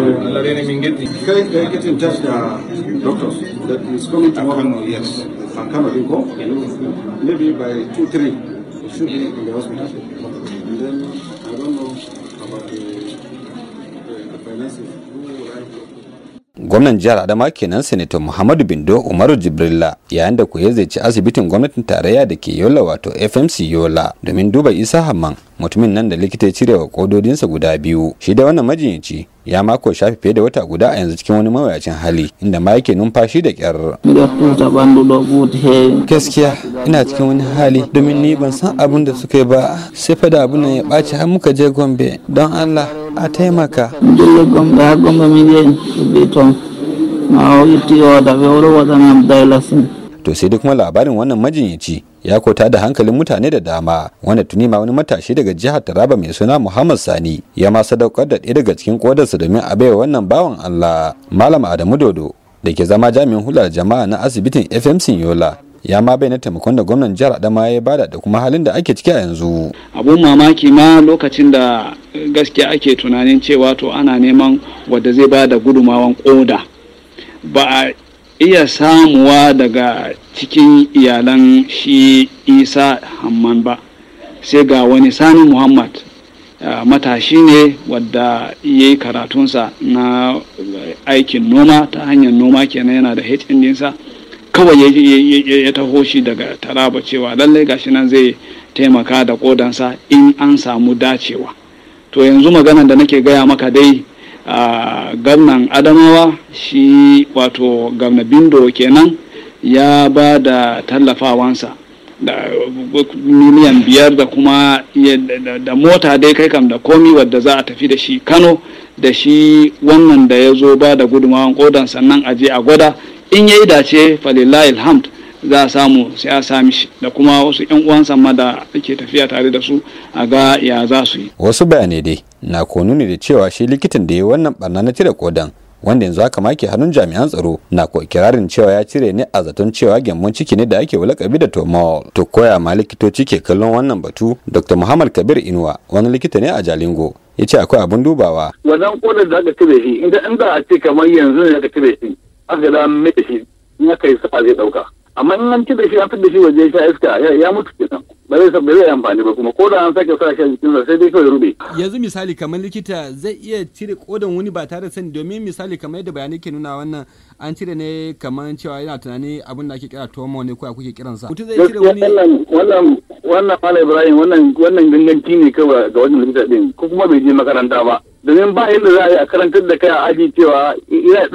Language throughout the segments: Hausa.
get in touch the doctors that is coming tomorrow. yes. Akano, you go? Maybe by 2 3. should be in the hospital. then I don't know about the, the, the finances. gwamnan jihar adama kenan senator muhammadu bindo umaru jibrilla yayin da kuwa zai ci asibitin gwamnatin tarayya da ke yola wato fmc yola domin duba isa hamman mutumin nan da likita ya cire wa kododinsa guda biyu shi da wannan majinyaci ya mako shafi fiye da wata guda a yanzu cikin wani mawuyacin hali inda ma yake numfashi da kyar gaskiya ina cikin wani hali domin ni ban san abin da suka yi ba sai fa da abin ya ɓaci har muka je gombe don allah a taimaka to sai duk kuma labarin wannan majinyaci ya kota da hankalin mutane da dama wanda tuni ma wani matashi daga jihar Taraba mai suna Muhammad Sani ya ma sadaukar da ɗaya daga cikin kodarsa domin a baiwa wannan bawan Allah Malam Adamu Dodo da ke zama jami'in hular jama'a na asibitin FMC Yola ya ma bayyana taimakon da gwamnan jihar adama ya bada da kuma halin da ake ciki a yanzu abun mamaki ma lokacin da gaskiya ake tunanin cewa to ana neman wadda zai ba da gudumawan koda ba a iya samuwa daga cikin iyalan shi isa hamman ba sai ga wani sani muhammad matashi ne wadda ya yi karatunsa na aikin noma ta hanyar noma kenan yana da hnd sa kawai ya taho shi daga taraba cewa lallai gashi nan zai taimaka da kodansa in an samu dacewa to yanzu maganan da nake gaya maka dai a gwamnan adamawa shi wato gwamna bindo kenan ya ba da tallafawansa da miliyan biyar da kuma da mota dai kai kam da komi wadda za a tafi da shi kano da shi wannan da ya zo ba da gudunmawan kodan sannan a je a gwada in ya yi dace falilai alhamd za a samu sai a sami shi da kuma wasu 'yan uwansa ma da ake tafiya tare da su a ga ya za su yi. Wasu bayanai dai na konu ne da cewa shi likitan da ya wannan barna na cire kodan wanda yanzu haka ke hannun jami'an tsaro na ko ikirarin cewa ya cire ne a zaton cewa gyamon ciki ne da ake kabi da tomol to koya ma likitoci ke kallon wannan batu dr muhammad kabir inuwa wani likita ne a jalingo ya ce akwai abin dubawa. wannan kodan da aka cire shi inda a ce kamar yanzu ne aka cire shi agada mai shi in aka yi safa zai dauka amma in an ci da shi an da shi waje sha iska ya mutu kenan ba zai ba zai amfani ba kuma ko da an sake sa shi a jikinsa sai dai kawai rube yanzu misali kamar likita zai iya cire kodan wani ba tare da sani domin misali kamar yadda bayanai ke nuna wannan an cire ne kamar cewa yana tunani abin da ake kira tomo ne ko kuke kiransa mutum zai cire wani wannan wannan Ibrahim wannan wannan ganganci ne kawai ga wannan likita din ko kuma bai je makaranta ba domin ba yadda za a yi a karantar da kai a aji cewa ina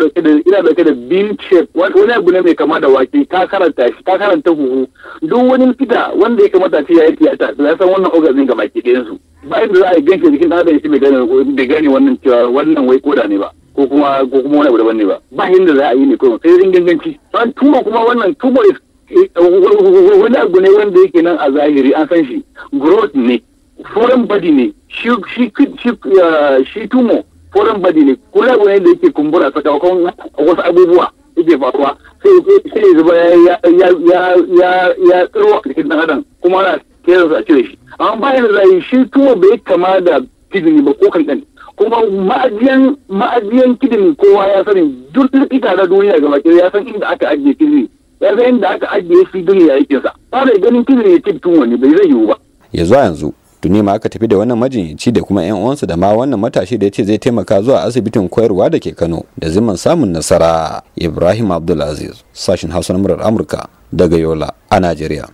dauke da bin shape wani abu ne mai kama da wake ka karanta shi ka karanta huhu duk wani fita wanda ya kamata ce ya yi tiyata ya san wannan ogazin ga baki ɗayan su ba yadda za a yi ganshi jikin ɗan adam shi bai gane wannan cewa wannan wai koda ne ba ko kuma ko kuma wani abu daban ne ba ba yadda za a yi ne ko sai rin ganganci an tuma kuma wannan tuma wani abu ne wanda yake nan a zahiri an san shi growth ne foreign body ne shi shi shi shi tumo foreign body ne kula ne da yake kumbura sakamakon wasu abubuwa yake faruwa sai sai ya zuba ya ya ya ya ya a cikin dan adam kuma ana kiran a cire shi amma bayan da zai shi tumo bai kama da kidney ba ko kankan kuma ma'ajiyan ma'ajiyan kidney kowa ya sani duk likita na duniya gaba ɗaya ya san inda aka ajiye kidney ya san inda aka ajiye shi duniya yake sa ba da ganin kidney ya ce tumo ne bai zai yiwu ba ya zuwa yanzu tuni ma aka tafi da wannan majinyaci da kuma 'yan uwansa da ma wannan matashi da ya ce zai taimaka zuwa asibitin koyarwa da ke kano da ziman samun nasara ibrahim abdulaziz sashin hausa na murar amurka daga yola a najeriya